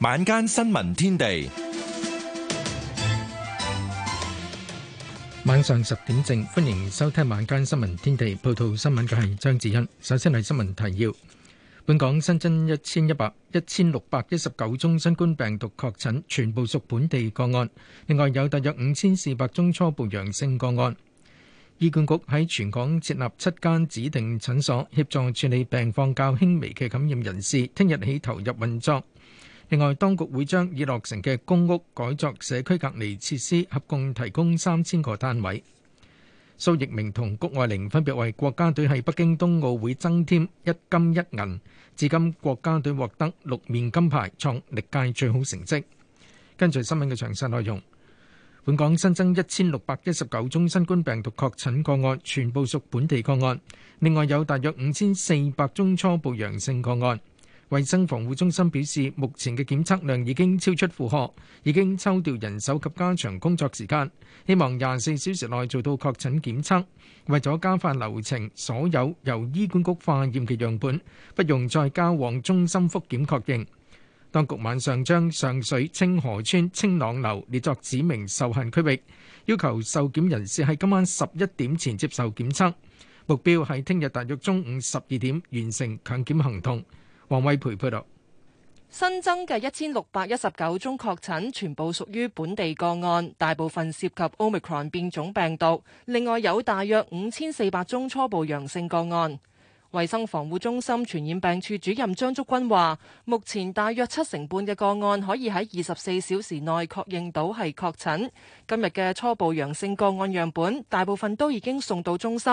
晚間新聞天地，晚上十點正，歡迎收聽晚間新聞天地。報道新聞嘅係張子欣。首先係新聞提要：本港新增一千一百一千六百一十九宗新冠病毒確診，全部屬本地個案。另外有大約五千四百宗初步陽性個案。醫管局喺全港設立七間指定診所，協助處理病況較輕微嘅感染人士，聽日起投入運作。另外，當局會將已落成嘅公屋改作社區隔離設施，合共提供三千個單位。蘇翊鳴同谷愛凌分別為國家隊喺北京冬奧會增添一金一銀，至今國家隊獲得六面金牌，創歷屆最好成績。跟隨新聞嘅詳細內容，本港新增一千六百一十九宗新冠病毒確診個案，全部屬本地個案。另外有大約五千四百宗初步陽性個案。衛生防護中心表示，目前嘅檢測量已經超出負荷，已經抽調人手及加長工作時間，希望廿四小時內做到確診檢測。為咗加快流程，所有由醫管局化驗嘅樣本不用再交往中心覆檢確認。當局晚上將上水清河村清朗樓列作指明受限區域，要求受檢人士喺今晚十一點前接受檢測。目標係聽日大約中午十二點完成強檢行動。黃新增嘅一千六百一十九宗確診，全部屬於本地個案，大部分涉及 Omicron 變種病毒。另外有大約五千四百宗初步陽性個案。衛生防護中心傳染病處主任張竹君話，目前大約七成半嘅個案可以喺二十四小時內確認到係確診。今日嘅初步陽性個案樣本，大部分都已經送到中心，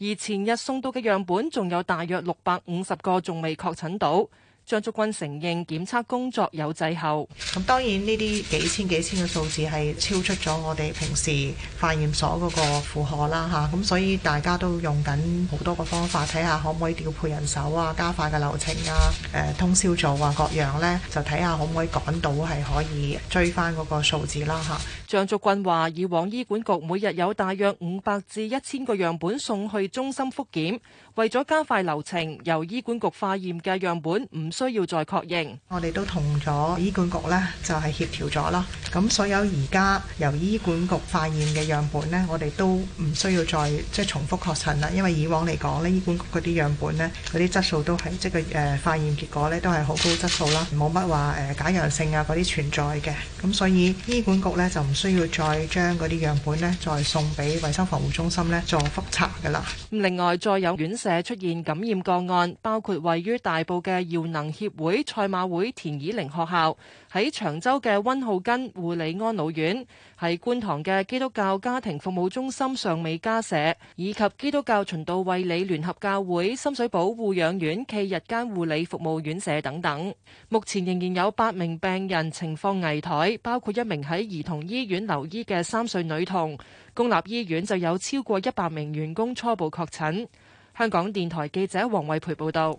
而前日送到嘅樣本，仲有大約六百五十個仲未確診到。張竹君承認檢測工作有滯後，咁當然呢啲幾千幾千嘅數字係超出咗我哋平時化驗所嗰個負荷啦吓，咁、啊、所以大家都用緊好多個方法睇下可唔可以調配人手啊，加快嘅流程啊，誒通宵做啊各樣呢，就睇下可唔可以趕到係可以追翻嗰個數字啦吓。張、啊、竹君話，以往醫管局每日有大約五百至一千個樣本送去中心複檢，為咗加快流程，由醫管局化驗嘅樣本唔。需要再確認，我哋都同咗醫管局咧，就係協調咗啦。咁所有而家由醫管局化驗嘅樣本咧，我哋都唔需要再即係重複確診啦。因為以往嚟講咧，醫管局嗰啲樣本咧，嗰啲質素都係即係誒化驗結果咧，都係好高質素啦，冇乜話誒假陽性啊嗰啲存在嘅。咁所以醫管局咧就唔需要再將嗰啲樣本咧再送俾衛生防護中心咧做復查噶啦。咁另外再有院舍出現感染個案，包括位於大埔嘅耀能協會賽馬會田耳玲學校、喺長洲嘅溫浩根護理安老院、喺觀塘嘅基督教家庭服務中心尚美家舍，以及基督教循道衛理聯合教會深水埗護養院暨日間護理服務院舍等等。目前仍然有八名病人情況危殆，包括一名喺兒童醫院留醫嘅三歲女童。公立醫院就有超過一百名員工初步確診。香港電台記者黃慧培報道。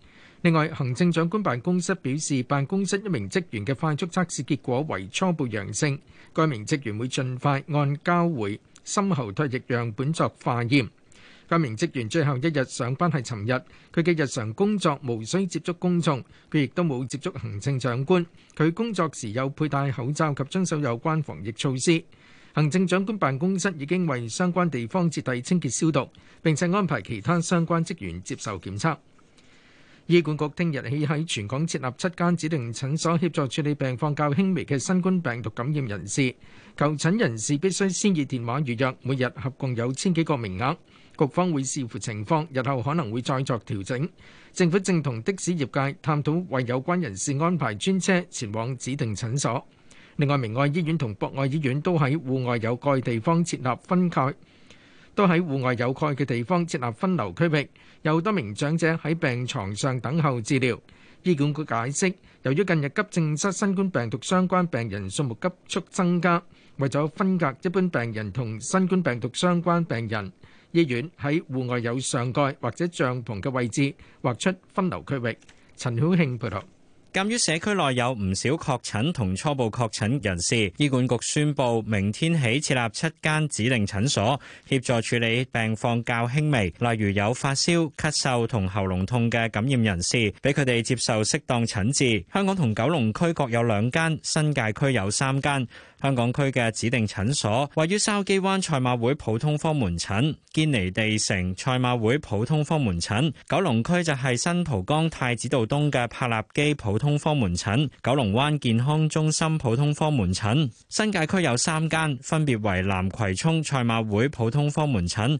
另外，行政長官辦公室表示，辦公室一名職員嘅快速測試結果為初步陽性，該名職員會盡快按交回深喉唾液樣本作化驗。該名職員最後一日上班係尋日，佢嘅日常工作無需接觸公眾，佢亦都冇接觸行政長官。佢工作時有佩戴口罩及遵守有關防疫措施。行政長官辦公室已經為相關地方徹底清潔消毒，並且安排其他相關職員接受檢測。醫管局聽日起喺全港設立七間指定診所，協助處理病況較輕微嘅新冠病毒感染人士。求診人士必須先以電話預約，每日合共有千幾個名額。局方會視乎情況，日後可能會再作調整。政府正同的士業界探討為有關人士安排專車前往指定診所。另外，明愛醫院同博愛醫院都喺戶外有蓋地方設立分蓋都喺戶外有蓋嘅地方設立分流區域，有多名長者喺病床上等候治療。醫管局解釋，由於近日急症室新冠病毒相關病人數目急速增加，為咗分隔一般病人同新冠病毒相關病人，醫院喺戶外有上蓋或者帳篷嘅位置劃出分流區域。陳曉慶配合。鑒於社區內有唔少確診同初步確診人士，醫管局宣布明天起設立七間指定診所，協助處理病況較輕微，例如有發燒、咳嗽同喉嚨痛嘅感染人士，俾佢哋接受適當診治。香港同九龍區各有兩間，新界區有三間。香港區嘅指定診所位於筲箕灣賽馬會普通科門診、堅尼地城賽馬會普通科門診；九龍區就係新蒲崗太子道東嘅柏立基普通科門診、九龍灣健康中心普通科門診；新界區有三間，分別為南葵涌賽馬會普通科門診、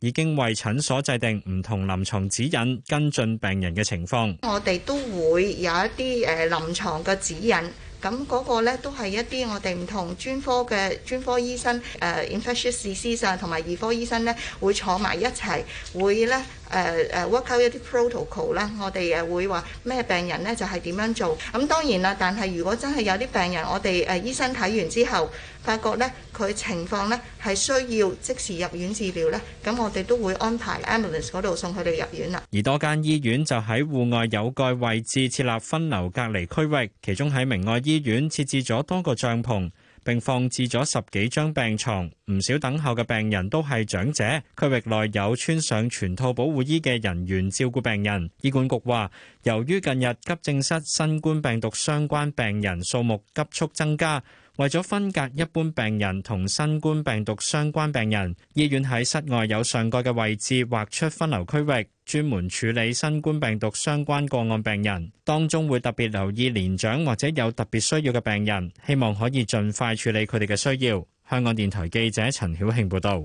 已經為診所制定唔同臨床指引，跟進病人嘅情況，我哋都會有一啲誒、呃、臨床嘅指引，咁、那、嗰個咧都係一啲我哋唔同專科嘅專科醫生、呃 esis，啊、醫科醫生誒 infectious 醫師啊同埋兒科醫生咧會坐埋一齊，會咧。誒誒 work out 一啲 protocol 啦，我哋誒會話咩病人咧就係點樣做，咁當然啦。但係如果真係有啲病人，我哋誒醫生睇完之後，發覺咧佢情況咧係需要即時入院治療咧，咁我哋都會安排 ambulance 嗰度送佢哋入院啦。而多間醫院就喺戶外有蓋位置設立分流隔離區域，其中喺明愛醫院設置咗多個帳篷。並放置咗十幾張病床，唔少等候嘅病人都係長者。區域內有穿上全套保護衣嘅人員照顧病人。醫管局話，由於近日急症室新冠病毒相關病人數目急速增加。為咗分隔一般病人同新冠病毒相關病人，醫院喺室外有上蓋嘅位置劃出分流區域，專門處理新冠病毒相關個案病人。當中會特別留意年長或者有特別需要嘅病人，希望可以盡快處理佢哋嘅需要。香港電台記者陳曉慶報道。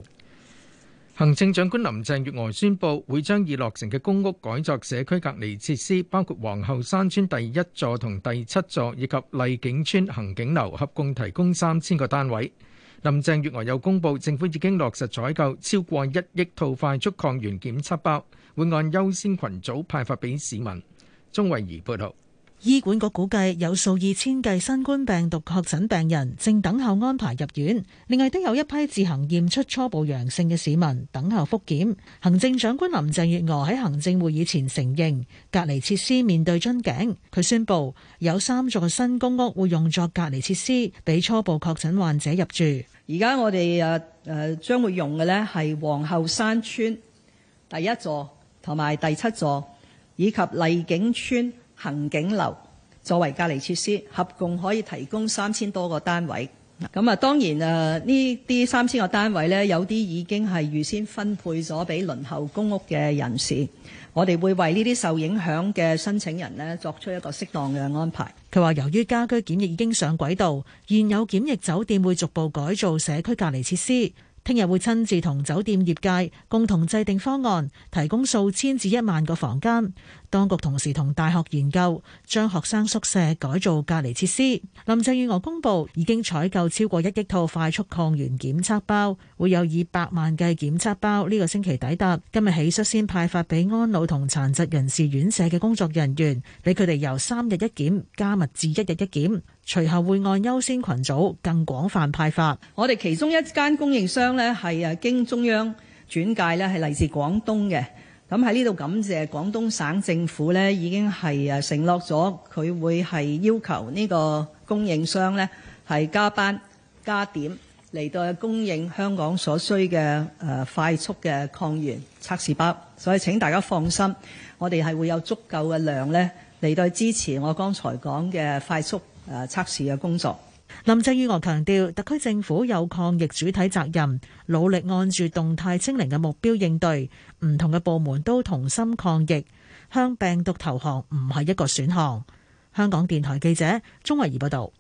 行政長官林鄭月娥宣布，會將已落成嘅公屋改作社區隔離設施，包括皇后山邨第一座同第七座，以及麗景邨恆景樓，合共提供三千個單位。林鄭月娥又公布，政府已經落實採購超過一億套快速抗原檢測包，會按優先群組派發俾市民。鍾慧儀報道。醫管局估計有數以千計新冠病毒確診病人正等候安排入院，另外都有一批自行驗出初步陽性嘅市民等候複檢。行政長官林鄭月娥喺行政會議前承認，隔離設施面對樽頸。佢宣布有三座新公屋會用作隔離設施，俾初步確診患者入住。而家我哋誒誒將會用嘅呢係皇后山邨第一座同埋第七座，以及麗景邨。行景樓作為隔離設施，合共可以提供三千多個單位。咁啊，當然啊，呢啲三千個單位呢，有啲已經係預先分配咗俾輪候公屋嘅人士。我哋會為呢啲受影響嘅申請人呢，作出一個適當嘅安排。佢話：由於家居檢疫已經上軌道，現有檢疫酒店會逐步改造社區隔離設施。聽日會親自同酒店業界共同制定方案，提供數千至一萬個房間。當局同時同大學研究將學生宿舍改造隔離設施。林鄭月娥公布已經採購超過一億套快速抗原檢測包，會有以百萬計檢測包呢個星期抵達。今日起率先派發俾安老同殘疾人士院舍嘅工作人員，俾佢哋由三日一檢加密至一日一檢。隨後會按優先群組更廣泛派發。我哋其中一間供應商呢，係誒經中央轉介，呢係嚟自廣東嘅。咁喺呢度感謝廣東省政府咧，已經係誒承諾咗佢會係要求呢個供應商咧係加班加點嚟到供應香港所需嘅誒、呃、快速嘅抗原測試包，所以請大家放心，我哋係會有足夠嘅量咧嚟到支持我剛才講嘅快速誒、呃、測試嘅工作。林鄭月娥強調，特區政府有抗疫主體責任，努力按住動態清零嘅目標應對。唔同嘅部門都同心抗疫，向病毒投降唔係一個選項。香港電台記者鍾慧儀報道。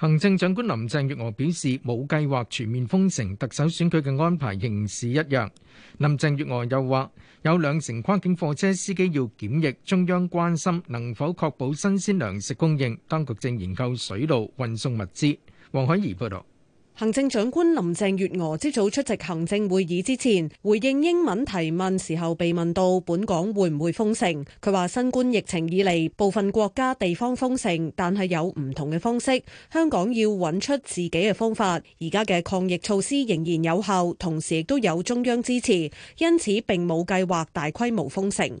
行政長官林鄭月娥表示，冇計劃全面封城，特首選舉嘅安排仍是一樣。林鄭月娥又話，有兩成跨境貨車司機要檢疫，中央關心能否確保新鮮糧食供應，當局正研究水路運送物資。黃海怡報道。行政長官林鄭月娥朝早出席行政會議之前，回應英文提問時候被問到本港會唔會封城，佢話新冠疫情以嚟部分國家地方封城，但係有唔同嘅方式，香港要揾出自己嘅方法。而家嘅抗疫措施仍然有效，同時亦都有中央支持，因此並冇計劃大規模封城。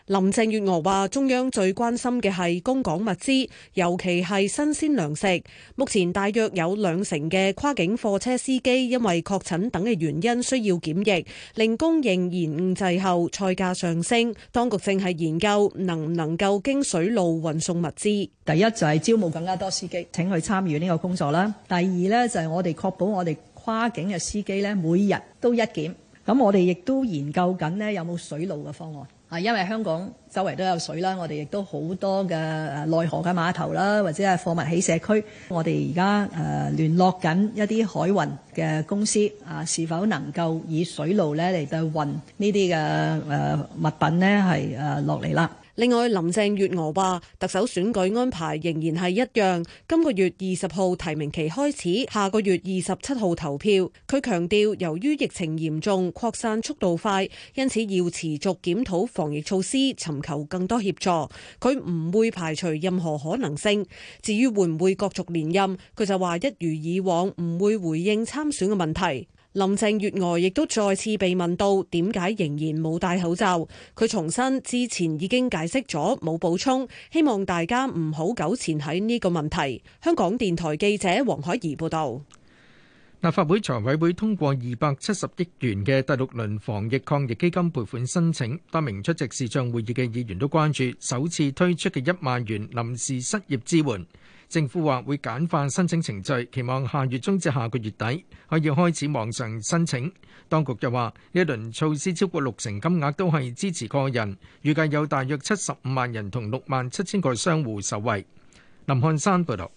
林鄭月娥話：中央最關心嘅係供港物資，尤其係新鮮糧食。目前大約有兩成嘅跨境貨車司機因為確診等嘅原因需要檢疫，令供應延誤滯後，菜價上升。當局正係研究能唔能夠經水路運送物資。第一就係招募更加多司機，請去參與呢個工作啦。第二呢，就係我哋確保我哋跨境嘅司機咧，每日都一檢。咁我哋亦都研究緊咧，有冇水路嘅方案。啊，因為香港周圍都有水啦，我哋亦都好多嘅內河嘅碼頭啦，或者係貨物起卸區，我哋而家誒聯絡緊一啲海運嘅公司啊，是否能夠以水路咧嚟到運呢啲嘅物品呢？係誒落嚟啦？另外，林鄭月娥話特首選舉安排仍然係一樣，今個月二十號提名期開始，下個月二十七號投票。佢強調由於疫情嚴重擴散速度快，因此要持續檢討防疫措施，尋求更多協助。佢唔會排除任何可能性。至於會唔會角逐連任，佢就話一如以往唔會回應參選嘅問題。林鄭月娥亦都再次被問到點解仍然冇戴口罩，佢重申之前已經解釋咗，冇補充，希望大家唔好糾纏喺呢個問題。香港電台記者黃海怡報道。立法會財委會通過二百七十億元嘅第六輪防疫抗疫基金撥款申請，多名出席視像會議嘅議員都關注首次推出嘅一萬元臨時失業支援。政府話會簡化申請程序，期望下月中至下個月底可以開始網上申請。當局又話呢輪措施超過六成金額都係支持個人，預計有大約七十五萬人同六萬七千個商戶受惠。林漢山報導。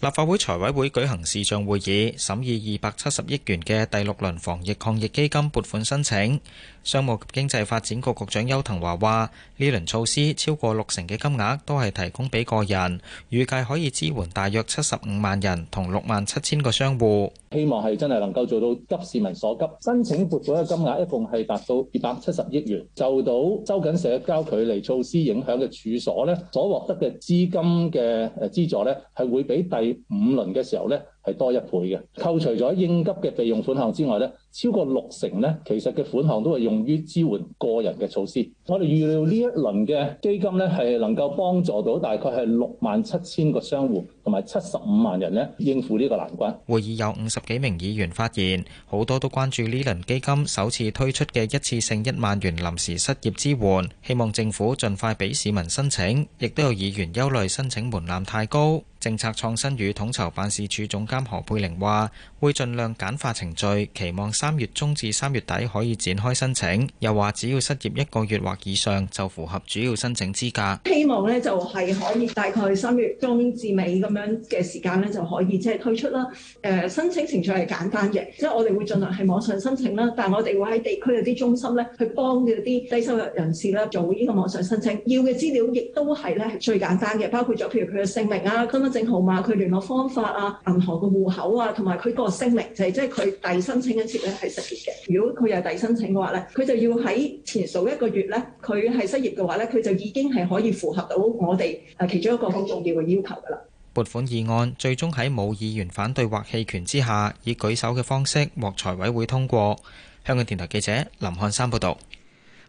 立法會財委會舉行視像會議，審議二百七十億元嘅第六輪防疫抗疫基金撥款申請。商務及經濟發展局局長邱騰華話：呢輪措施超過六成嘅金額都係提供俾個人，預計可以支援大約七十五萬人同六萬七千個商戶。希望係真係能夠做到急市民所急。申請撥款嘅金額一共係達到二百七十億元。就到收緊社交距離措施影響嘅處所咧，所獲得嘅資金嘅誒資助咧，係會比第五輪嘅時候咧係多一倍嘅。扣除咗應急嘅備用款項之外咧。超過六成呢，其實嘅款項都係用於支援個人嘅措施。我哋預料呢一輪嘅基金呢，係能夠幫助到大概係六萬七千個商戶同埋七十五萬人呢應付呢個難關。會議有五十幾名議員發言，好多都關注呢輪基金首次推出嘅一次性一萬元臨時失業支援，希望政府盡快俾市民申請。亦都有議員憂慮申請門檻太高。政策創新與統籌辦事處總監何佩玲話。會盡量簡化程序，期望三月中至三月底可以展開申請。又話只要失業一個月或以上就符合主要申請資格。希望咧就係可以大概三月中至尾咁樣嘅時間咧就可以即係推出啦。誒、呃，申請程序係簡單嘅，即係我哋會盡量係網上申請啦。但係我哋會喺地區有啲中心咧去幫嗰啲低收入人士咧做呢個網上申請。要嘅資料亦都係咧最簡單嘅，包括咗譬如佢嘅姓名啊、身份證號碼、佢聯絡方法啊、銀行嘅戶口啊，同埋佢個。聲明就係即係佢第申請一次咧係失業嘅，如果佢又第申請嘅話咧，佢就要喺前數一個月咧，佢係失業嘅話咧，佢就已經係可以符合到我哋啊其中一個好重要嘅要求㗎喇。撥款議案最終喺冇議員反對或棄權之下，以舉手嘅方式獲財委會通過。香港電台記者林漢山報導。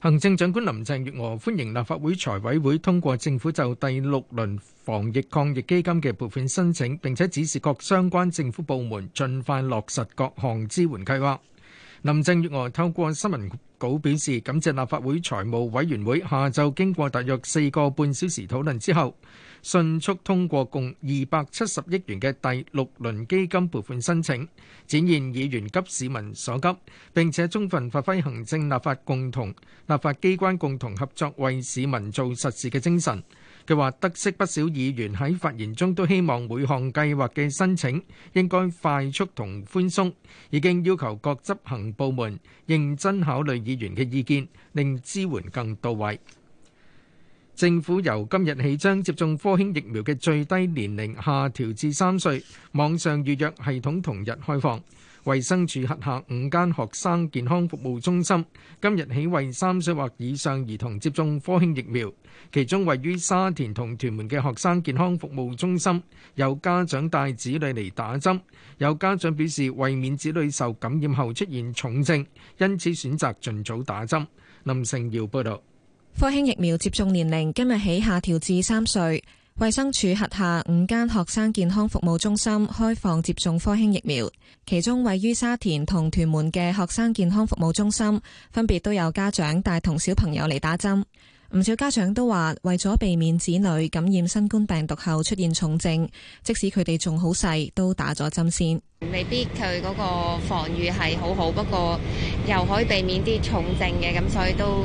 行政長官林鄭月娥歡迎立法會財委會通過政府就第六輪防疫抗疫基金嘅撥款申請，並且指示各相關政府部門盡快落實各項支援計劃。林鄭月娥透過新聞稿表示，感謝立法會財務委員會下晝經過大約四個半小時討論之後，迅速通過共二百七十億元嘅第六輪基金撥款申請，展現議員急市民所急，並且充分發揮行政立法共同、立法機關共同合作為市民做實事嘅精神。佢話得悉不少議員喺發言中都希望每項計劃嘅申請應該快速同寬鬆，已經要求各執行部門認真考慮議員嘅意見，令支援更到位。政府由今日起將接種科興疫苗嘅最低年齡下調至三歲，網上預約系統同日開放。衛生署轄下五間學生健康服務中心今日起為三歲或以上兒童接種科興疫苗，其中位於沙田同屯門嘅學生健康服務中心有家長帶子女嚟打針，有家長表示為免子女受感染後出現重症，因此選擇盡早打針。林成耀報道，科興疫苗接種年齡今日起下調至三歲。衛生署轄下五間學生健康服務中心開放接種科興疫苗，其中位於沙田同屯門嘅學生健康服務中心，分別都有家長帶同小朋友嚟打針。唔少家長都話，為咗避免子女感染新冠病毒後出現重症，即使佢哋仲好細，都打咗針先。未必佢嗰個防禦係好好，不過又可以避免啲重症嘅，咁所以都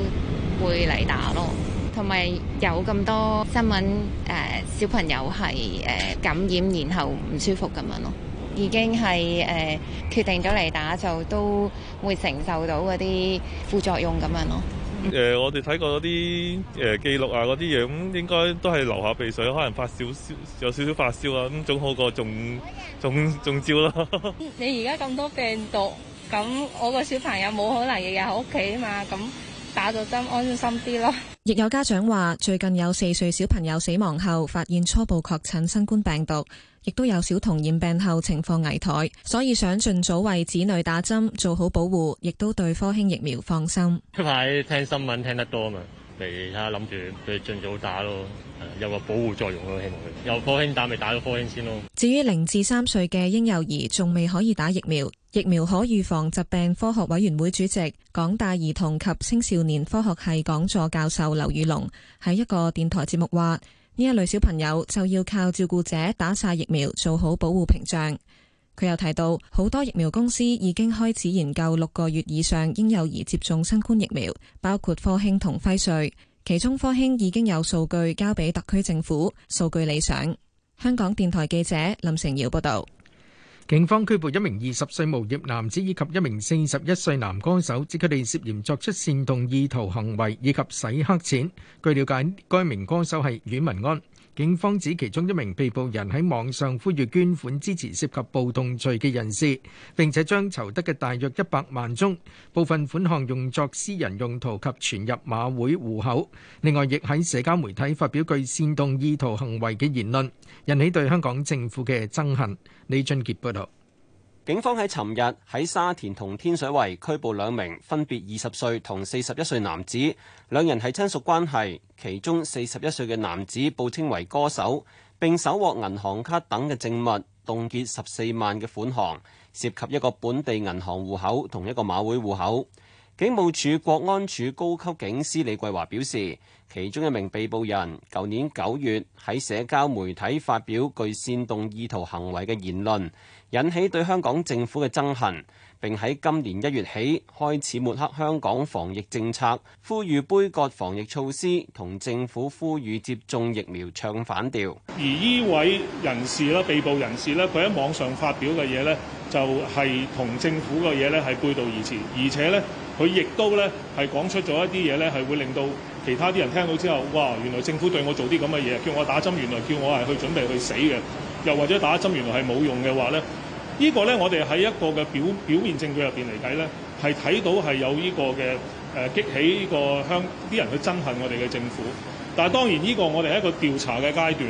會嚟打咯。同埋有咁多新聞，誒、呃、小朋友係誒、呃、感染，然後唔舒服咁樣咯。已經係誒、呃、決定咗嚟打，就都會承受到嗰啲副作用咁樣咯。誒、呃，我哋睇過嗰啲誒記錄啊，嗰啲嘢咁，應該都係流下鼻水，可能發少少，有少少發燒啊，咁總好過中中中招啦。你而家咁多病毒，咁我個小朋友冇可能日日喺屋企啊嘛，咁。打咗針安心啲咯。亦有家長話，最近有四歲小朋友死亡後，發現初步確診新冠病毒，亦都有小童染病後情況危殆，所以想盡早為子女打針做好保護，亦都對科興疫苗放心。近排聽新聞聽得多嘛。其他諗住佢盡早打咯，有個保護作用咯，希望佢有科興打咪打咗科興先咯。至於零至三歲嘅嬰幼兒仲未可以打疫苗，疫苗可預防疾病科學委員會主席、港大兒童及青少年科學系講座教授劉宇龍喺一個電台節目話：呢一類小朋友就要靠照顧者打晒疫苗，做好保護屏障。佢又提到，好多疫苗公司已經開始研究六個月以上嬰幼兒接種新冠疫苗，包括科興同輝瑞。其中科興已經有數據交俾特區政府，數據理想。香港電台記者林成耀報道。警方拘捕一名二十歲無業男子以及一名四十一歲男歌手，指佢哋涉嫌作出煽動意圖行為以及洗黑錢。據瞭解，該名歌手係阮文安。警方指其中一名被捕人喺網上呼籲捐款支持涉及暴動罪嘅人士，並且將籌得嘅大約一百萬宗，部分款項用作私人用途及存入馬會戶口。另外，亦喺社交媒體發表具煽動意圖行為嘅言論，引起對香港政府嘅憎恨。李俊傑報導，警方喺尋日喺沙田同天水圍拘捕兩名分別二十歲同四十一歲男子。兩人係親屬關係，其中四十一歲嘅男子報稱為歌手，並搜獲銀行卡等嘅證物，凍結十四萬嘅款項，涉及一個本地銀行戶口同一個馬會戶口。警務處國安處高級警司李桂華表示，其中一名被捕人舊年九月喺社交媒體發表具煽動意圖行為嘅言論，引起對香港政府嘅憎恨。並喺今年一月起開始抹黑香港防疫政策，呼籲杯葛防疫措施，同政府呼籲接種疫苗唱反調。而呢位人士咧、被捕人士咧，佢喺網上發表嘅嘢咧，就係同政府嘅嘢咧係背道而馳，而且咧佢亦都咧係講出咗一啲嘢咧，係會令到其他啲人聽到之後，哇，原來政府對我做啲咁嘅嘢，叫我打針，原來叫我係去準備去死嘅，又或者打針原來係冇用嘅話咧。呢個呢，我哋喺一個嘅表表面證據入邊嚟睇呢，係睇到係有呢個嘅誒、呃、激起呢個香啲人去憎恨我哋嘅政府。但係當然呢個我哋係一個調查嘅階段，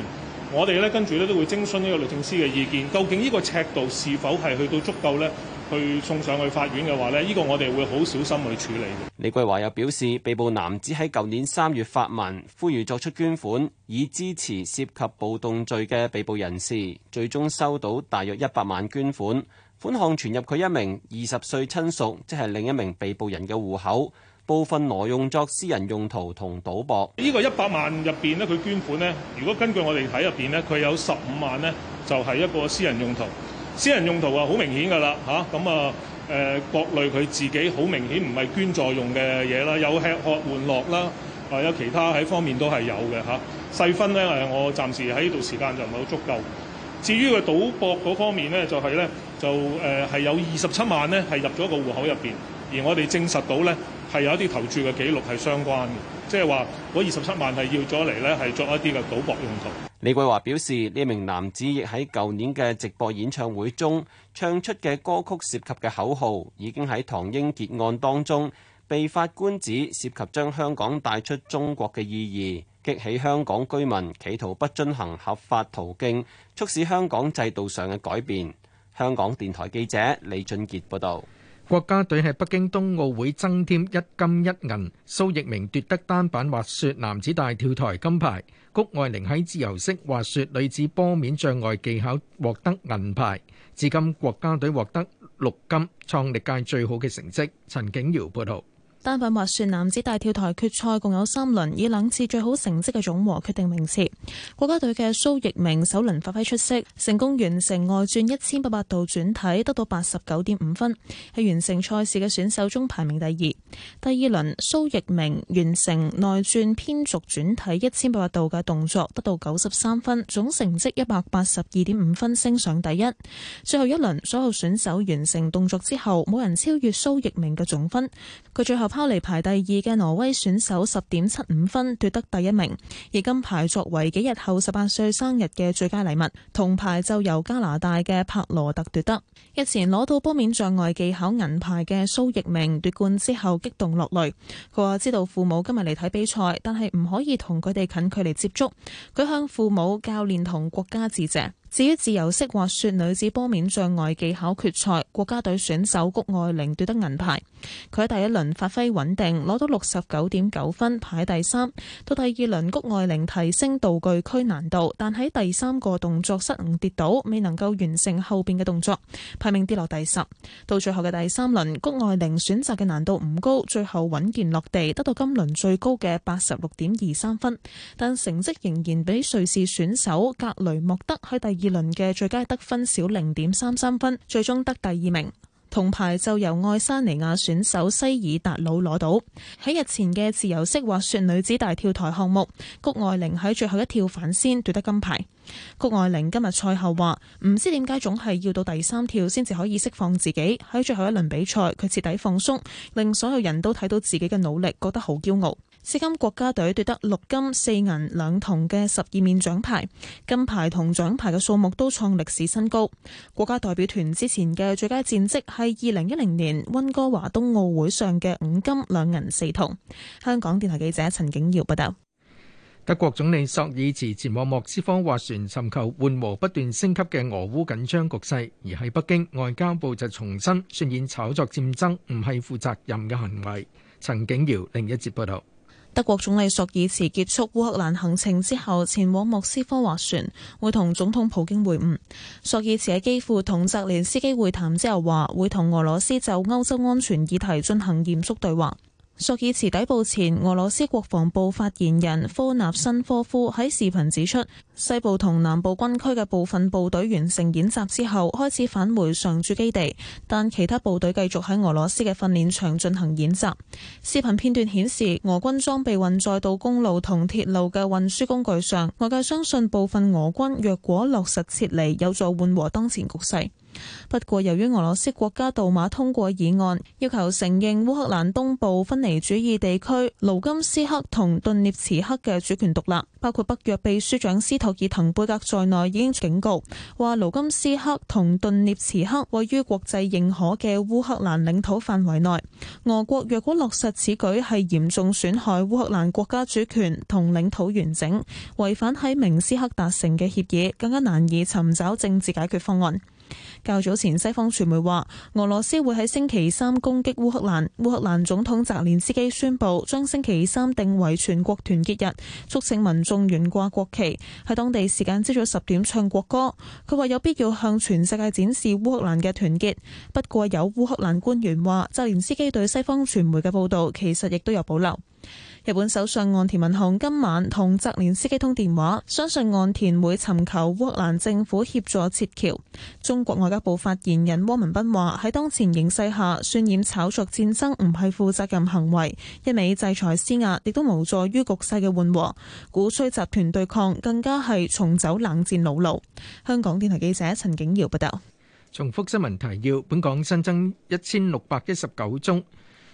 我哋呢，跟住呢都會徵詢呢個律政司嘅意見，究竟呢個尺度是否係去到足夠呢？去送上去法院嘅話咧，呢個我哋會好小心去處理。李桂華又表示，被捕男子喺舊年三月發文，呼籲作出捐款，以支持涉及暴動罪嘅被捕人士。最終收到大約一百萬捐款，款項存入佢一名二十歲親屬，即係另一名被捕人嘅戶口。部分挪用作私人用途同賭博。呢個一百萬入邊咧，佢捐款咧，如果根據我哋睇入邊咧，佢有十五萬咧，就係一個私人用途。私人用途啊，好、啊呃、明顯㗎啦嚇，咁啊誒，國內佢自己好明顯唔係捐助用嘅嘢啦，有吃喝玩樂啦，啊有、啊、其他喺方面都係有嘅嚇、啊。細分咧誒，我暫時喺呢度時間就唔係好足夠。至於個賭博嗰方面咧，就係、是、咧就誒係、呃、有二十七萬咧係入咗個戶口入邊，而我哋證實到咧係有一啲投注嘅記錄係相關嘅。即係話，嗰二十七萬係要咗嚟呢係作一啲嘅賭博用途。李桂華表示，呢名男子亦喺舊年嘅直播演唱會中唱出嘅歌曲涉及嘅口號，已經喺唐英傑案當中被法官指涉及將香港帶出中國嘅意義，激起香港居民企圖不遵行合法途徑，促使香港制度上嘅改變。香港電台記者李俊傑報道。國家隊喺北京冬奧會增添一金一銀，蘇翊鳴奪得單板滑雪男子大跳台金牌，谷愛凌喺自由式滑雪女子坡面障礙技巧獲得銀牌。至今國家隊獲得六金，創歷屆最好嘅成績。陳景瑤報道。單板滑雪男子大跳台決賽共有三輪，以兩次最好成績嘅總和決定名次。國家隊嘅蘇翊鳴首輪發揮出色，成功完成外轉一千八百度轉體，得到八十九點五分，係完成賽事嘅選手中排名第二。第二輪，蘇翊鳴完成內轉偏軸轉,轉體一千八百度嘅動作，得到九十三分，總成績一百八十二點五分，升上第一。最後一輪，所有選手完成動作之後，冇人超越蘇翊鳴嘅總分，佢最後。後嚟排第二嘅挪威選手十點七五分奪得第一名，而金牌作為幾日後十八歲生日嘅最佳禮物，銅牌就由加拿大嘅帕羅特奪得。日前攞到坡面障礙技巧銀牌嘅蘇奕明奪冠之後激動落淚，佢話知道父母今日嚟睇比賽，但係唔可以同佢哋近距離接觸，佢向父母、教練同國家致謝。至於自由式滑雪女子坡面障礙技巧決賽，國家隊選手谷愛玲奪得銀牌。佢喺第一輪發揮穩定，攞到六十九點九分，排第三。到第二輪，谷愛玲提升道具區難度，但喺第三個動作失誤跌倒，未能夠完成後邊嘅動作，排名跌落第十。到最後嘅第三輪，谷愛玲選擇嘅難度唔高，最後穩健落地，得到今輪最高嘅八十六點二三分，但成績仍然比瑞士選手格雷莫德喺第二。二輪嘅最佳得分少零點三三分，最終得第二名。銅牌就由愛沙尼亞選手西爾達魯攞到。喺日前嘅自由式滑雪女子大跳台項目，谷愛凌喺最後一跳反先奪得金牌。谷愛凌今日賽後話：唔知點解總係要到第三跳先至可以釋放自己。喺最後一輪比賽，佢徹底放鬆，令所有人都睇到自己嘅努力，覺得好驕傲。至今，國家隊奪得六金四銀兩銅嘅十二面獎牌，金牌同獎牌嘅數目都創歷史新高。國家代表團之前嘅最佳戰績係二零一零年溫哥華冬奧會上嘅五金兩銀四銅。香港電台記者陳景耀報道。德國總理朔爾茨前往莫斯科斡旋，尋求緩和不斷升級嘅俄烏緊張局勢。而喺北京，外交部就重申，渲染炒作戰爭唔係負責任嘅行為。陳景耀另一節報道。德國總理朔爾茨結束烏克蘭行程之後，前往莫斯科劃船，會同總統普京會晤。朔爾茨喺基輔同澤連斯基會談之後話，會同俄羅斯就歐洲安全議題進行嚴肅對話。索爾茨抵埗前，俄羅斯國防部發言人科納申科夫喺視頻指出，西部同南部軍區嘅部分部隊完成演習之後，開始返回常駐基地，但其他部隊繼續喺俄羅斯嘅訓練場進行演習。視頻片段顯示，俄軍裝備運載到公路同鐵路嘅運輸工具上。外界相信，部分俄軍若果落實撤離，有助緩和當前局勢。不過，由於俄羅斯國家杜馬通過議案，要求承認烏克蘭東部分離主義地區盧甘斯克同頓涅茨克嘅主權獨立，包括北約秘書長斯托爾滕貝格在內已經警告，話盧甘斯克同頓涅茨克位於國際認可嘅烏克蘭領土範圍內。俄國若果落實此舉，係嚴重損害烏克蘭國家主權同領土完整，違反喺明斯克達成嘅協議，更加難以尋找政治解決方案。較早前，西方傳媒話俄羅斯會喺星期三攻擊烏克蘭。烏克蘭總統澤連斯基宣布將星期三定為全國團結日，促請民眾懸掛國旗，喺當地時間朝早十點唱國歌。佢話有必要向全世界展示烏克蘭嘅團結。不過有烏克蘭官員話，澤連斯基對西方傳媒嘅報道其實亦都有保留。日本首相岸田文雄今晚同澤連斯基通電話，相信岸田會尋求烏克蘭政府協助撤僑，中國外交部發言人汪文斌話喺當前形勢下，渲染炒作戰爭唔係負責任行為，一味制裁施壓亦都無助於局勢嘅緩和，鼓吹集團對抗更加係重走冷戰老路。香港電台記者陳景瑤報道。重複新聞提要：本港新增一千六百一十九宗。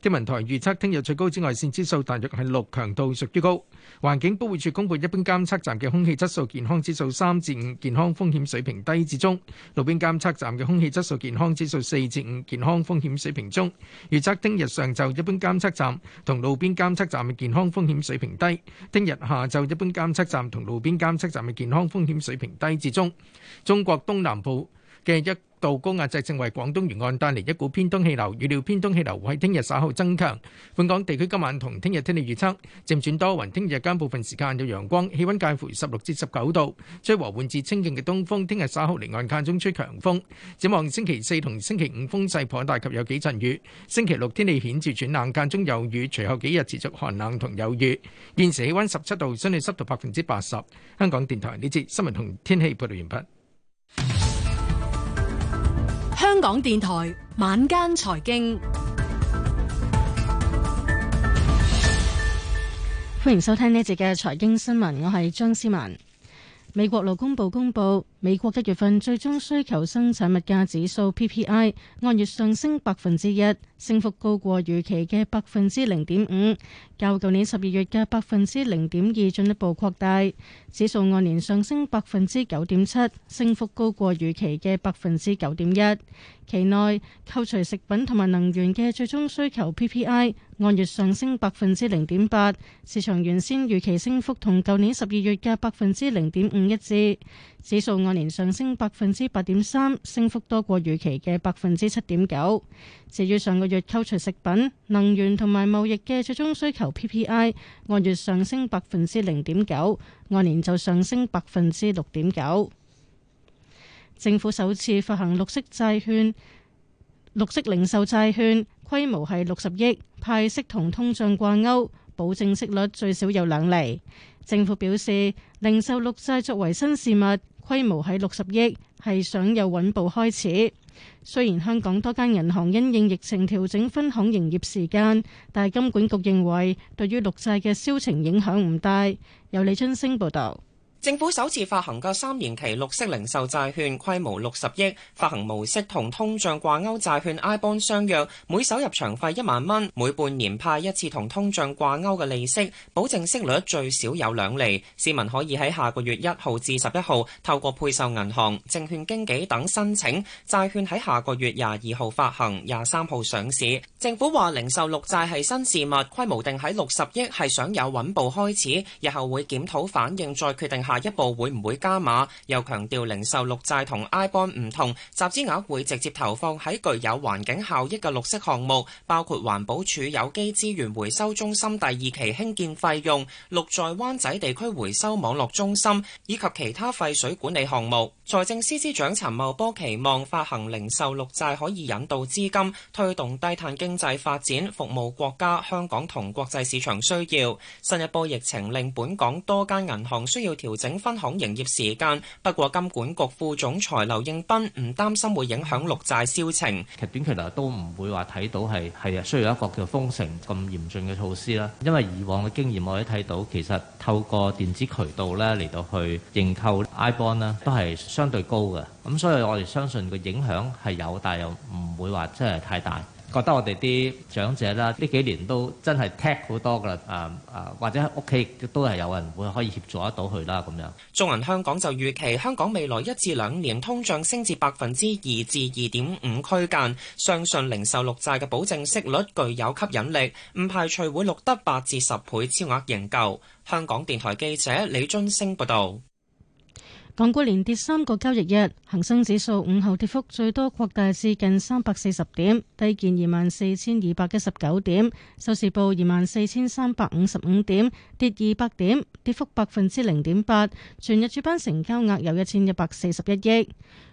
天文台預測聽日最高紫外線指數大約係六強度，屬於高。環境保護署公布一般監測站嘅空氣質素健康指數三至五，健康風險水平低至中；路邊監測站嘅空氣質素健康指數四至五，健康風險水平中。預測聽日上晝一般監測站同路邊監測站嘅健康風險水平低；聽日下晝一般監測站同路邊監測站嘅健康風險水平低至中。中國東南部嘅一道高壓脊正為廣東沿岸帶嚟一股偏東氣流，預料偏東氣流會喺聽日稍後增強。本港地區今晚同聽日天氣預測漸轉多雲，聽日間部分時間有陽光，氣温介乎十六至十九度，吹和緩至清勁嘅東風。聽日稍後離岸間中吹強風。展望星期四同星期五風勢頗大及有幾陣雨，星期六天氣顯著轉冷，間中有雨，隨後幾日持續寒冷同有雨。現時氣温十七度，相對濕度百分之八十。香港電台呢節新聞同天氣報導完畢。香港電台晚間財經，歡迎收聽呢一節嘅財經新聞，我係張思文。美國勞工部公布。美國一月份最終需求生產物價指數 PPI 按月上升百分之一，升幅高過預期嘅百分之零點五，較舊年十二月嘅百分之零點二進一步擴大。指數按年上升百分之九點七，升幅高過預期嘅百分之九點一。期內扣除食品同埋能源嘅最終需求 PPI 按月上升百分之零點八，市場原先預期升幅同舊年十二月嘅百分之零點五一致。指數。按年上升百分之八點三，升幅多過預期嘅百分之七點九。至於上個月扣除食品、能源同埋貿易嘅最終需求 PPI，按月上升百分之零點九，按年就上升百分之六點九。政府首次發行綠色債券、綠色零售債券，規模係六十億，派息同通脹掛鈎，保證息率最少有兩厘。政府表示，零售綠債作為新事物。規模喺六十億，係想有穩步開始。雖然香港多間銀行因應疫情調整分行營業時間，但係金管局認為對於綠債嘅銷情影響唔大。由李春星報導。政府首次發行嘅三年期綠色零售債券規模六十億，發行模式同通脹掛鈎債券 I Bond 相若，每手入場費一萬蚊，每半年派一次同通脹掛鈎嘅利息，保證息率最少有兩厘，市民可以喺下個月一號至十一號透過配售銀行、證券經紀等申請債券，喺下個月廿二號發行，廿三號上市。政府話零售綠債係新事物，規模定喺六十億，係想有穩步開始，日後會檢討反應再決定。下一步會唔會加碼，又強調零售綠債同 I bond 唔同，集資額會直接投放喺具有環境效益嘅綠色項目，包括環保署有機資源回收中心第二期興建費用、綠在灣仔地區回收網絡中心以及其他廢水管理項目。財政司司長陳茂波期望發行零售綠債可以引導資金推動低碳經濟發展，服務國家、香港同國際市場需要。新一波疫情令本港多間銀行需要調整分行營業時間，不過金管局副總裁劉應斌唔擔心會影響六債銷情。其實短期嚟，都唔會話睇到，係係啊需要一個叫封城咁嚴峻嘅措施啦。因為以往嘅經驗我哋睇到其實透過電子渠道咧嚟到去認購 I bond 啦，都係相對高嘅。咁所以我哋相信個影響係有，但又唔會話真係太大。覺得我哋啲長者啦，呢幾年都真係踢好多噶啦，誒、啊、誒、啊，或者屋企都係有人會可以協助得到佢啦咁樣。中銀香港就預期香港未來一至兩年通脹升至百分之二至二點五區間，相信零售綠債嘅保證息率具有吸引力，唔排除會錄得八至十倍超額認購。香港電台記者李津升報道。港股連跌三個交易日，恒生指數午後跌幅最多擴大至近三百四十點，低見二萬四千二百一十九點，收市報二萬四千三百五十五點，跌二百點，跌幅百分之零點八。全日主板成交額有一千一百四十一億。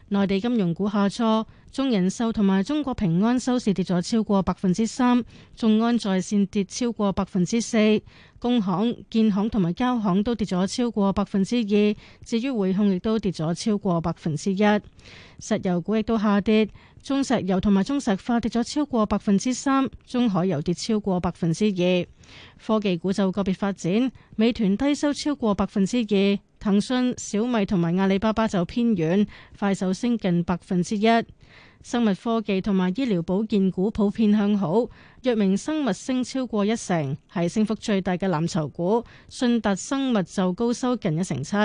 內地金融股下挫，中人壽同埋中國平安收市跌咗超過百分之三，眾安在線跌超過百分之四，工行、建行同埋交行都跌咗超過百分之二，至於匯控亦都跌咗超過百分之一，石油股亦都下跌，中石油同埋中石化跌咗超過百分之三，中海油跌超過百分之二，科技股就個別發展，美團低收超過百分之二。騰訊、小米同埋阿里巴巴就偏軟，快手升近百分之一。生物科技同埋醫療保健股普遍向好，藥明生物升超過一成，係升幅最大嘅藍籌股。信達生物就高收近一成七。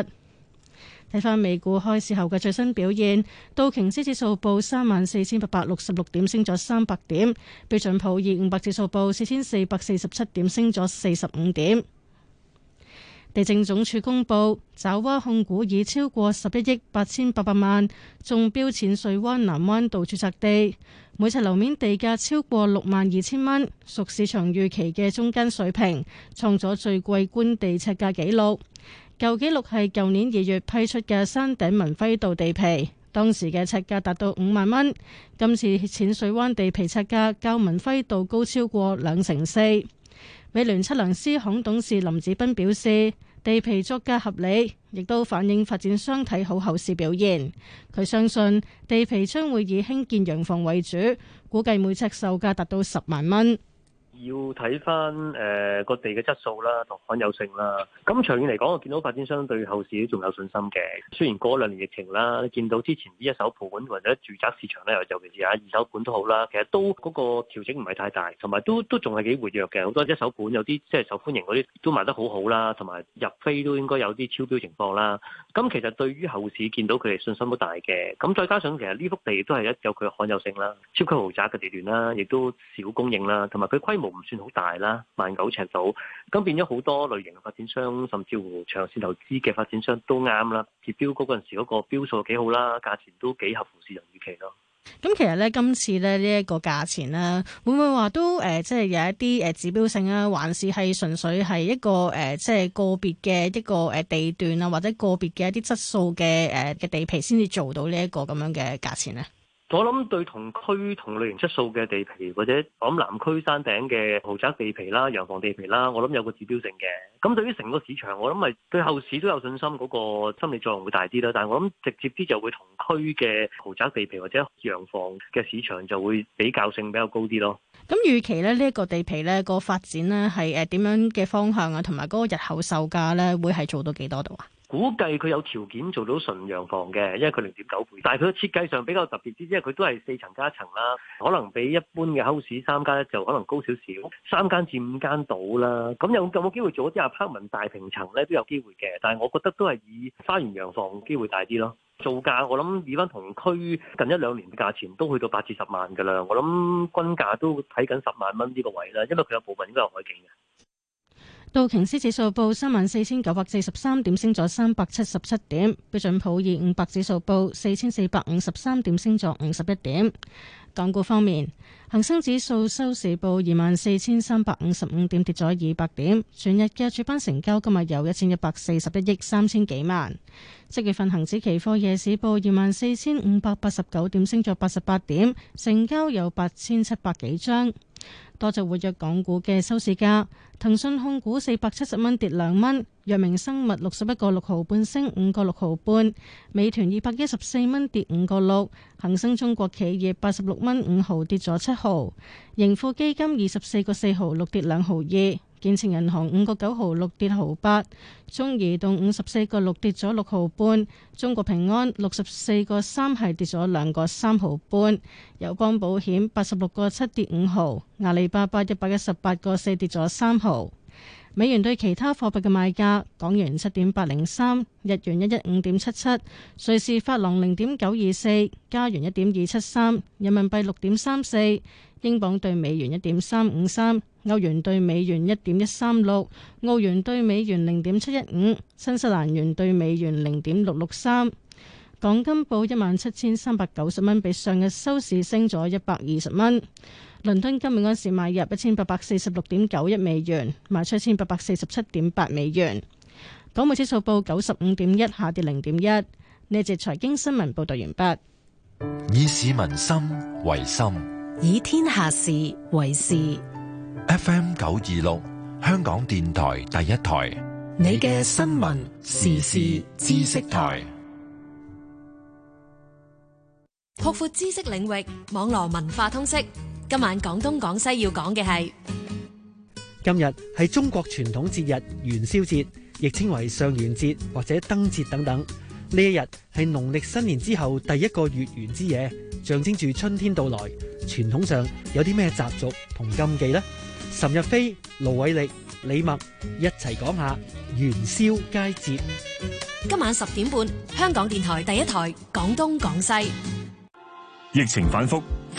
睇翻美股開市後嘅最新表現，道瓊斯指數報三萬四千八百六十六點，升咗三百點；標準普爾五百指數報四千四百四十七點，升咗四十五點。地政總署公布，爪哇控股已超過十一億八千八百萬中標淺水灣南灣道注冊地，每尺樓面地價超過六萬二千蚊，屬市場預期嘅中間水平，創咗最貴官地尺價紀錄。舊紀錄係舊年二月批出嘅山頂文輝道地皮，當時嘅尺價達到五萬蚊。今次淺水灣地皮尺價較文輝道高超過兩成四。美聯測量師行董事林子斌表示，地皮作價合理，亦都反映發展商睇好後市表現。佢相信地皮將會以興建洋房為主，估計每尺售價達到十萬蚊。要睇翻誒各地嘅質素啦、同罕有性啦。咁長遠嚟講，我見到發展商對後市仲有信心嘅。雖然過兩年疫情啦，見到之前呢一手盤或者住宅市場咧，尤其是啊二手盤都好啦，其實都嗰、嗰個調整唔係太大，同埋都都仲係幾活躍嘅。好多一手盤有啲即係受歡迎嗰啲都賣得好好啦，同埋入飛都應該有啲超標情況啦。咁其實對於後市見到佢哋信心都大嘅。咁再加上其實呢幅地都係一有佢罕有性啦、超級豪宅嘅地段啦，亦都少供應啦，同埋佢規模，唔算好大啦，萬九尺到，咁變咗好多類型嘅發展商，甚至乎長線投資嘅發展商都啱啦。截標嗰陣時嗰個標數幾好啦，價錢都幾合乎市場預期咯。咁其實咧，今次咧呢一、呢個價錢啦，會唔會話都誒、呃，即係有一啲誒指標性啊，還是係純粹係一個誒、呃，即係個別嘅一個誒地段啊，或者個別嘅一啲質素嘅誒嘅地皮先至做到呢一個咁樣嘅價錢咧？我諗對同區同類型質素嘅地皮，或者我諗南區山頂嘅豪宅地皮啦、洋房地皮啦，我諗有個指標性嘅。咁對於成個市場，我諗咪對後市都有信心，嗰個心理作用會大啲啦。但係我諗直接啲就會同區嘅豪宅地皮或者洋房嘅市場就會比較性比較高啲咯。咁預期咧呢一個地皮咧個發展咧係誒點樣嘅方向啊，同埋嗰個日後售價咧會係做到幾多度啊？估計佢有條件做到純洋房嘅，因為佢零點九倍，但係佢設計上比較特別啲，因為佢都係四層加一層啦，可能比一般嘅 h 市三間咧就可能高少少，三間至五間到啦。咁有有冇機會做一啲阿 p a r m e n 大平層咧？都有機會嘅，但係我覺得都係以花園洋房機會大啲咯。造價我諗以翻同區近一兩年嘅價錢都去到八至十萬㗎啦，我諗均價都睇緊十萬蚊呢個位啦，因為佢有部分應該有海景嘅。道瓊斯指數報三萬四千九百四十三點，升咗三百七十七點。標準普爾五百指數報四千四百五十三點，升咗五十一點。港股方面，恒生指數收市報二萬四千三百五十五點，跌咗二百點。全日嘅主板成交今日有一千一百四十一億三千幾萬。七月份恒指期貨夜市報二萬四千五百八十九點，升咗八十八點，成交有八千七百幾張。多隻活躍港股嘅收市價。騰訊控股，四百七十蚊跌兩蚊，藥明生物六十一個六毫半升五個六毫半，美團二百一十四蚊跌五個六，恒生中國企業八十六蚊五毫跌咗七毫，盈富基金二十四個四毫六跌兩毫二。建設銀行五個九毫六跌毫八，中移動五十四個六跌咗六毫半，中國平安六十四個三係跌咗兩個三毫半，友邦保險八十六個七跌五毫，阿里巴巴一百一十八個四跌咗三毫。美元對其他貨幣嘅賣價：港元七點八零三，日元一一五點七七，瑞士法郎零點九二四，加元一點二七三，人民幣六點三四，英鎊對美元一點三五三，歐元對美元一點一三六，澳元對美元零點七一五，新西蘭元對美元零點六六三。港金報一萬七千三百九十蚊，比上日收市升咗一百二十蚊。倫敦金日安時買入一千八百四十六點九一美元，賣出一千八百四十七點八美元。港匯指數報九十五點一，下跌零點一。呢節財經新聞報道完畢。以市民心為心，以天下事為事。F M 九二六，香港電台第一台，你嘅新聞時事知識台，擴闊知識領域，網絡文化通識。今晚廣東廣西要講嘅係，今日係中國傳統節日元宵節，亦稱為上元節或者燈節等等。呢一日係農曆新年之後第一個月圓之夜，象徵住春天到來。傳統上有啲咩習俗同禁忌呢？岑日飛、盧偉力、李默一齊講下元宵佳節。今晚十點半，香港電台第一台廣東廣西。疫情反覆。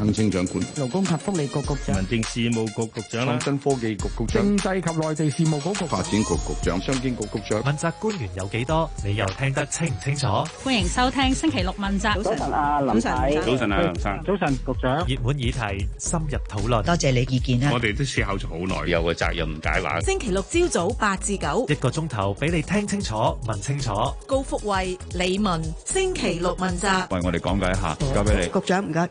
行政長官、勞工及福利局局長、民政事務局局長、創新科技局局長、政制及內地事務局局長、發展局局長、商經局局長，問責官員有幾多？你又聽得清唔清楚？歡迎收聽星期六問責。早晨啊林仔，早晨啊林生，早晨局長，熱門議題深入討論，多謝你意見啊！我哋都思考咗好耐，有嘅責任解惑。星期六朝早八至九一個鐘頭俾你聽清楚、問清楚。高福慧李文星期六問責，為我哋講解一下，交俾你，局長唔該。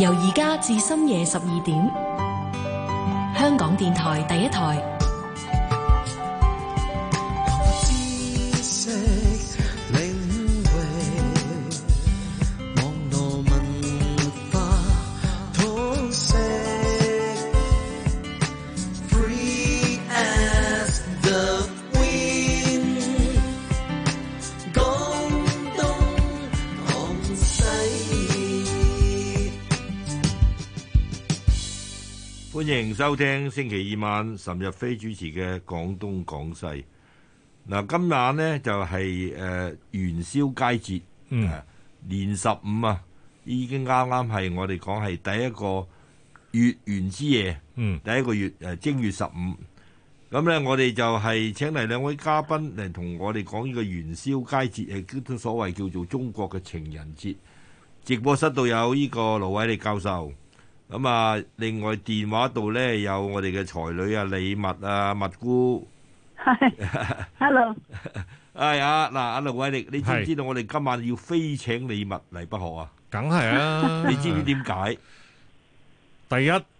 由而家至深夜十二點，香港電台第一台。歡迎收聽星期二晚岑日飛主持嘅廣東廣西。嗱、啊，今晚呢，就係、是、誒、呃、元宵佳節，嗯、啊，年十五啊，已經啱啱係我哋講係第一個月圓之夜，嗯，第一個月誒、呃、正月十五。咁、啊、呢，嗯、我哋就係請嚟兩位嘉賓嚟同我哋講呢個元宵佳節，係所謂叫做中國嘅情人節。直播室度有呢個盧偉力教授。咁啊！另外電話度咧有我哋嘅才女啊，李密啊，密姑。係。Hello。係啊，嗱，阿路偉，你你知唔知道我哋今晚要非請李密嚟不可啊？梗係啊，你知唔知點解？第一。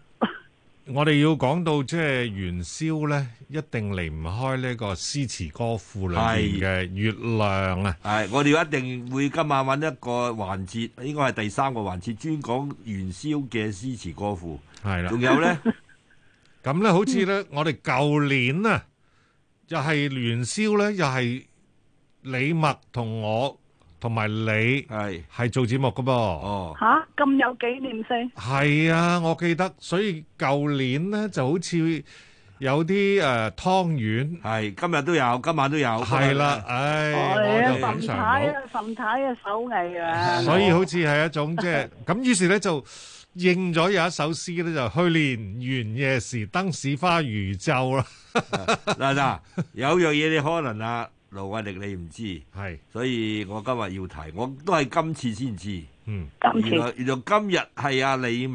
我哋要講到即係元宵咧，一定離唔開呢個詩詞歌賦裏面嘅月亮啊！係我哋一定會今晚揾一個環節，應該係第三個環節，專講元宵嘅詩詞歌賦。係啦，仲有咧，咁咧好似咧，我哋舊年啊，又係元宵咧，又係李默同我，同埋你係係做節目噶噃，哦吓，咁有紀念性，係啊！我記得，所以舊年咧就好似有啲誒，湯圓係今日都有，今晚都有係啦。唉，我哋啊，沈太啊，沈太嘅手藝啊，所以好似係一種即係咁。於是咧就應咗有一首詩咧，就去年元夜時，燈市花如晝啦。嗱嗱，有樣嘢你可能啊。盧偉力你唔知道，係是，所以我今日要提，我都係今次先知道，嗯，原，原來今日係阿李